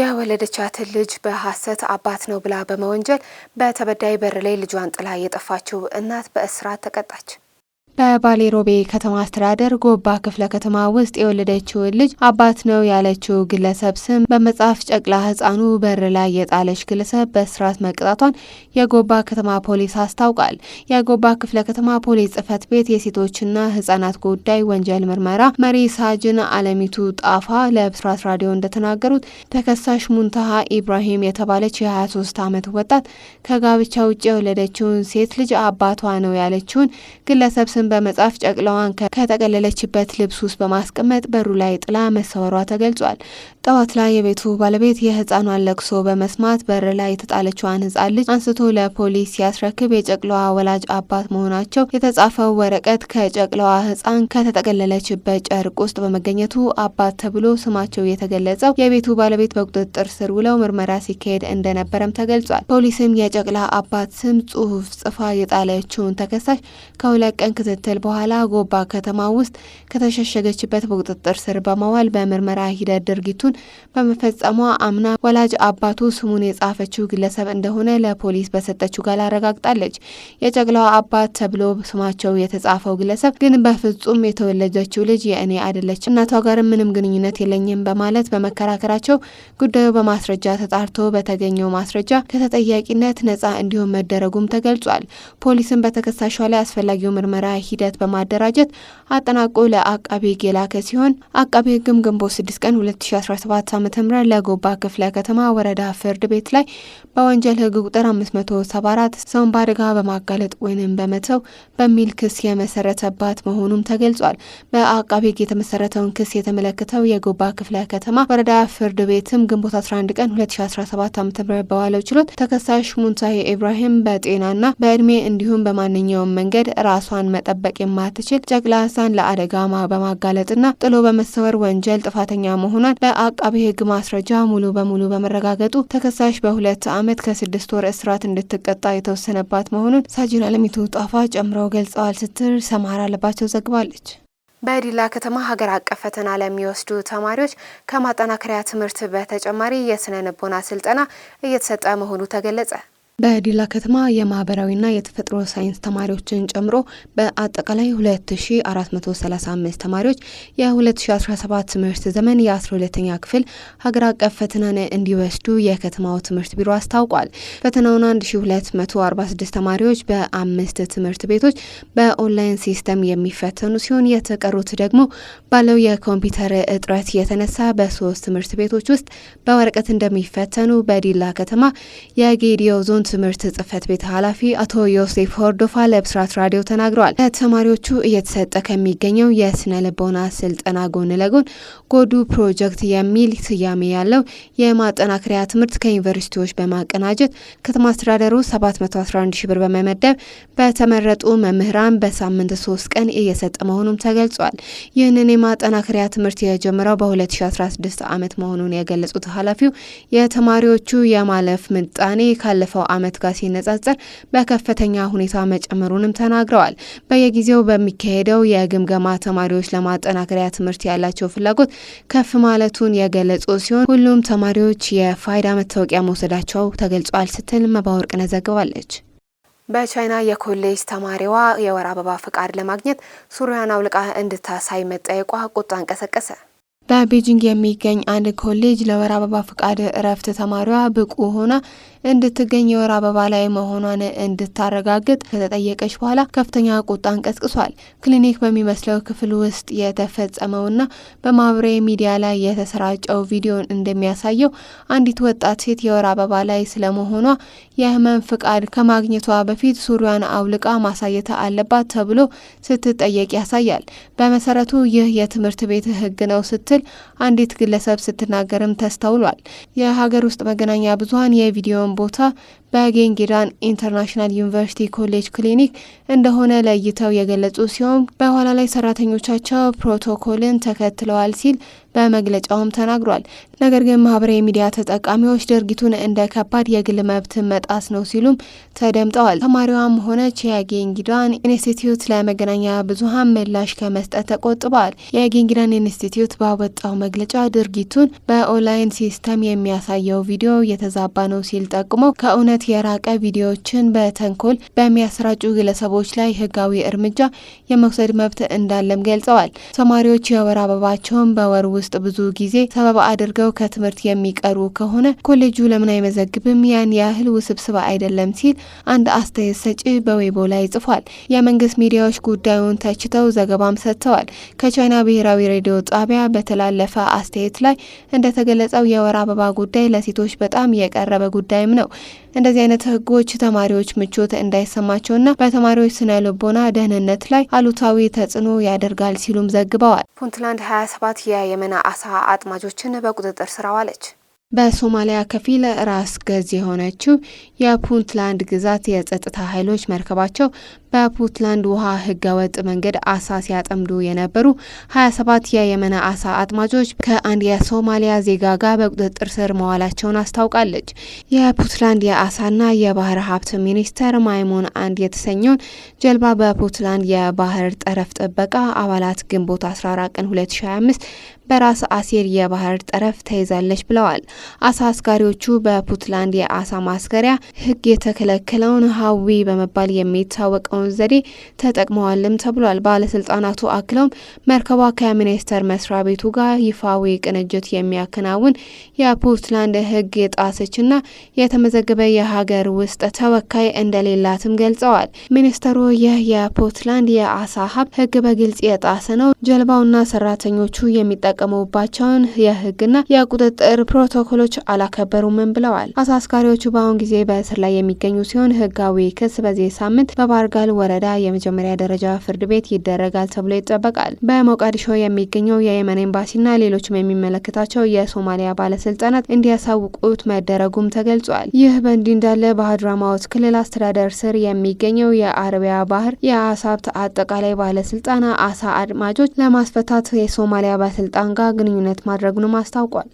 የወለደቻትን ልጅ በሐሰት አባት ነው ብላ በመወንጀል በተበዳይ በር ላይ ልጇን ጥላ የጠፋችው እናት በእስራት ተቀጣች። በባሌ ሮቤ ከተማ አስተዳደር ጎባ ክፍለ ከተማ ውስጥ የወለደችውን ልጅ አባት ነው ያለችው ግለሰብ ስም በመጽሐፍ ጨቅላ ሕፃኑ በር ላይ የጣለች ግለሰብ በእስራት መቅጣቷን የጎባ ከተማ ፖሊስ አስታውቃል። የጎባ ክፍለ ከተማ ፖሊስ ጽህፈት ቤት የሴቶችና ህጻናት ጉዳይ ወንጀል ምርመራ መሪ ሳጅን አለሚቱ ጣፋ ለብስራት ራዲዮ እንደተናገሩት ተከሳሽ ሙንታሃ ኢብራሂም የተባለች የ23 ዓመት ወጣት ከጋብቻ ውጭ የወለደችውን ሴት ልጅ አባቷ ነው ያለችውን ግለሰብ ስም ስም በመጻፍ ጨቅላዋን ከጠቀለለችበት ልብስ ውስጥ በማስቀመጥ በሩ ላይ ጥላ መሰወሯ ተገልጿል። ጠዋት ላይ የቤቱ ባለቤት የህፃኗን ለቅሶ በመስማት በር ላይ የተጣለችዋን ህፃን ልጅ አንስቶ ለፖሊስ ሲያስረክብ የጨቅላዋ ወላጅ አባት መሆናቸው የተጻፈው ወረቀት ከጨቅላዋ ህፃን ከተጠቀለለችበት ጨርቅ ውስጥ በመገኘቱ አባት ተብሎ ስማቸው የተገለጸው የቤቱ ባለቤት በቁጥጥር ስር ውለው ምርመራ ሲካሄድ እንደነበረም ተገልጿል። ፖሊስም የጨቅላ አባት ስም ጽሁፍ ጽፋ የጣለችውን ተከሳሽ ከሁለት ቀን ክትል ክትትል በኋላ ጎባ ከተማ ውስጥ ከተሸሸገችበት በቁጥጥር ስር በማዋል በምርመራ ሂደት ድርጊቱን በመፈጸሟ አምና ወላጅ አባቱ ስሙን የጻፈችው ግለሰብ እንደሆነ ለፖሊስ በሰጠችው ቃል አረጋግጣለች። የጨቅላዋ አባት ተብሎ ስማቸው የተጻፈው ግለሰብ ግን በፍጹም የተወለደችው ልጅ የእኔ አይደለች፣ እናቷ ጋር ምንም ግንኙነት የለኝም በማለት በመከራከራቸው ጉዳዩ በማስረጃ ተጣርቶ በተገኘው ማስረጃ ከተጠያቂነት ነጻ እንዲሆን መደረጉም ተገልጿል። ፖሊስም በተከሳሿ ላይ አስፈላጊው ምርመራ ሂደት በማደራጀት አጠናቆ ለአቃቤ ሕግ የላከ ሲሆን አቃቤ ህግም ግንቦት 6 ቀን 2017 ዓ ም ለጎባ ክፍለ ከተማ ወረዳ ፍርድ ቤት ላይ በወንጀል ህግ ቁጥር 574 ሰውን በአደጋ በማጋለጥ ወይንም በመተው በሚል ክስ የመሰረተባት መሆኑም ተገልጿል። በአቃቤ ህግ የተመሰረተውን ክስ የተመለከተው የጎባ ክፍለ ከተማ ወረዳ ፍርድ ቤትም ግንቦት 11 ቀን 2017 ዓ ም በዋለው ችሎት ተከሳሽ ሙንታዬ ኢብራሂም በጤናና በእድሜ እንዲሁም በማንኛውም መንገድ ራሷን መጠ መጠበቅ የማትችል ጨቅላ ሳን ለአደጋ በማጋለጥና ጥሎ በመሰወር ወንጀል ጥፋተኛ መሆኗን በአቃቢ ህግ ማስረጃ ሙሉ በሙሉ በመረጋገጡ ተከሳሽ በሁለት ዓመት ከስድስት ወር እስራት እንድትቀጣ የተወሰነባት መሆኑን ሳጅን አለሚቱ ጣፋ ጨምረው ገልጸዋል ስትል ሰማራ አለባቸው ዘግባለች። በዲላ ከተማ ሀገር አቀፍ ፈተና ለሚወስዱ ተማሪዎች ከማጠናከሪያ ትምህርት በተጨማሪ የስነ ልቦና ስልጠና እየተሰጠ መሆኑ ተገለጸ። በዲላ ከተማ የማህበራዊና የተፈጥሮ ሳይንስ ተማሪዎችን ጨምሮ በአጠቃላይ 2435 ተማሪዎች የ2017 ትምህርት ዘመን የ12ኛ ክፍል ሀገር አቀፍ ፈተናን እንዲወስዱ የከተማው ትምህርት ቢሮ አስታውቋል። ፈተናውን 1246 ተማሪዎች በአምስት ትምህርት ቤቶች በኦንላይን ሲስተም የሚፈተኑ ሲሆን የተቀሩት ደግሞ ባለው የኮምፒውተር እጥረት የተነሳ በሶስት ትምህርት ቤቶች ውስጥ በወረቀት እንደሚፈተኑ በዲላ ከተማ የጌዲዮ ዞን የዞን ትምህርት ጽህፈት ቤት ኃላፊ አቶ ዮሴፍ ሆርዶፋ ለብስራት ራዲዮ ተናግረዋል። ለተማሪዎቹ እየተሰጠ ከሚገኘው የስነ ልቦና ስልጠና ጎን ለጎን ጎዱ ፕሮጀክት የሚል ስያሜ ያለው የማጠናከሪያ ትምህርት ከዩኒቨርሲቲዎች በማቀናጀት ከተማ አስተዳደሩ 711 ሺ ብር በመመደብ በተመረጡ መምህራን በሳምንት ሶስት ቀን እየሰጠ መሆኑም ተገልጿል። ይህንን የማጠናከሪያ ትምህርት የጀመረው በ2016 ዓመት መሆኑን የገለጹት ኃላፊው የተማሪዎቹ የማለፍ ምጣኔ ካለፈው ዓመት ጋር ሲነጻጸር በከፍተኛ ሁኔታ መጨመሩንም ተናግረዋል። በየጊዜው በሚካሄደው የግምገማ ተማሪዎች ለማጠናከሪያ ትምህርት ያላቸው ፍላጎት ከፍ ማለቱን የገለጹ ሲሆን ሁሉም ተማሪዎች የፋይዳ መታወቂያ መውሰዳቸው ተገልጿል ስትል መባወርቅነ ዘግባለች። በቻይና የኮሌጅ ተማሪዋ የወር አበባ ፍቃድ ለማግኘት ሱሪያን አውልቃ እንድታሳይ መጠየቋ ቁጣ እንቀሰቀሰ። በቤጂንግ የሚገኝ አንድ ኮሌጅ ለወር አበባ ፍቃድ እረፍት ተማሪዋ ብቁ ሆና እንድትገኝ የወር አበባ ላይ መሆኗን እንድታረጋግጥ ከተጠየቀች በኋላ ከፍተኛ ቁጣን ቀስቅሷል። ክሊኒክ በሚመስለው ክፍል ውስጥ የተፈጸመውና በማህበራዊ ሚዲያ ላይ የተሰራጨው ቪዲዮን እንደሚያሳየው አንዲት ወጣት ሴት የወር አበባ ላይ ስለመሆኗ የህመም ፍቃድ ከማግኘቷ በፊት ሱሪያን አውልቃ ማሳየት አለባት ተብሎ ስትጠየቅ ያሳያል። በመሰረቱ ይህ የትምህርት ቤት ህግ ነው ስትል አንዲት ግለሰብ ስትናገርም ተስተውሏል። የሀገር ውስጥ መገናኛ ብዙሀን የቪዲዮን ቦታ በጌንጊዳን ኢንተርናሽናል ዩኒቨርሲቲ ኮሌጅ ክሊኒክ እንደሆነ ለይተው የገለጹ ሲሆን በኋላ ላይ ሰራተኞቻቸው ፕሮቶኮልን ተከትለዋል ሲል በመግለጫውም ተናግሯል። ነገር ግን ማህበራዊ ሚዲያ ተጠቃሚዎች ድርጊቱን እንደ ከባድ የግል መብት መጣስ ነው ሲሉም ተደምጠዋል። ተማሪዋም ሆነች የጌንጊዳን ኢንስቲትዩት ለመገናኛ ብዙሃን ምላሽ ከመስጠት ተቆጥበዋል። የጌንጊዳን ኢንስቲትዩት ባወጣው መግለጫ ድርጊቱን በኦንላይን ሲስተም የሚያሳየው ቪዲዮ የተዛባ ነው ሲል ጠቁሞ ከእውነት ከእውነት የራቀ ቪዲዮዎችን በተንኮል በሚያስራጩ ግለሰቦች ላይ ህጋዊ እርምጃ የመውሰድ መብት እንዳለም ገልጸዋል። ተማሪዎች የወር አበባቸውን በወር ውስጥ ብዙ ጊዜ ሰበብ አድርገው ከትምህርት የሚቀሩ ከሆነ ኮሌጁ ለምን አይመዘግብም? ያን ያህል ውስብስብ አይደለም ሲል አንድ አስተያየት ሰጪ በዌቦ ላይ ጽፏል። የመንግስት ሚዲያዎች ጉዳዩን ተችተው ዘገባም ሰጥተዋል። ከቻይና ብሔራዊ ሬዲዮ ጣቢያ በተላለፈ አስተያየት ላይ እንደተገለጸው የወር አበባ ጉዳይ ለሴቶች በጣም የቀረበ ጉዳይም ነው። እንደዚህ አይነት ህጎች ተማሪዎች ምቾት እንዳይሰማቸውና በተማሪዎች ስነ ልቦና ደህንነት ላይ አሉታዊ ተጽዕኖ ያደርጋል ሲሉም ዘግበዋል። ፑንትላንድ 27 የየመን አሳ አጥማጆችን በቁጥጥር ስር አዋለች። በሶማሊያ ከፊል ራስ ገዝ የሆነችው የፑንትላንድ ግዛት የጸጥታ ኃይሎች መርከባቸው በፑትላንድ ውሃ ህገወጥ መንገድ አሳ ሲያጠምዱ የነበሩ 27 የየመን አሳ አጥማጆች ከአንድ የሶማሊያ ዜጋ ጋር በቁጥጥር ስር መዋላቸውን አስታውቃለች። የፑትላንድ የአሳና የባህር ሀብት ሚኒስተር ማይሞን አንድ የተሰኘውን ጀልባ በፑትላንድ የባህር ጠረፍ ጥበቃ አባላት ግንቦት 14 ቀን 2025 በራስ አሴር የባህር ጠረፍ ተይዛለች ብለዋል። አሳ አስጋሪዎቹ በፑትላንድ የአሳ ማስገሪያ ህግ የተከለከለውን ሀዊ በመባል የሚታወቀውን የተጠቀመውን ዘዴ ተጠቅመዋልም ተብሏል። ባለስልጣናቱ አክለውም መርከቧ ከሚኒስቴር መስሪያ ቤቱ ጋር ይፋዊ ቅንጅት የሚያከናውን የፑንትላንድ ሕግ የጣሰችና የተመዘገበ የሀገር ውስጥ ተወካይ እንደሌላትም ገልጸዋል። ሚኒስተሩ ይህ የፑንትላንድ የአሳ ሀብት ሕግ በግልጽ የጣሰ ነው፣ ጀልባውና ሰራተኞቹ የሚጠቀሙባቸውን የሕግና የቁጥጥር ፕሮቶኮሎች አላከበሩምም ብለዋል። አሳስጋሪዎቹ በአሁን ጊዜ በእስር ላይ የሚገኙ ሲሆን ሕጋዊ ክስ በዚህ ሳምንት በባርጋል ወረዳ የመጀመሪያ ደረጃ ፍርድ ቤት ይደረጋል ተብሎ ይጠበቃል። በሞቃዲሾ የሚገኘው የየመን ኤምባሲና ሌሎችም የሚመለከታቸው የሶማሊያ ባለስልጣናት እንዲያሳውቁት መደረጉም ተገልጿል። ይህ በእንዲህ እንዳለ በሀድራማዎት ክልል አስተዳደር ስር የሚገኘው የአረቢያ ባህር የአሳ ሀብት አጠቃላይ ባለስልጣን አሳ አድማጆች ለማስፈታት የሶማሊያ ባለስልጣን ጋር ግንኙነት ማድረጉንም አስታውቋል።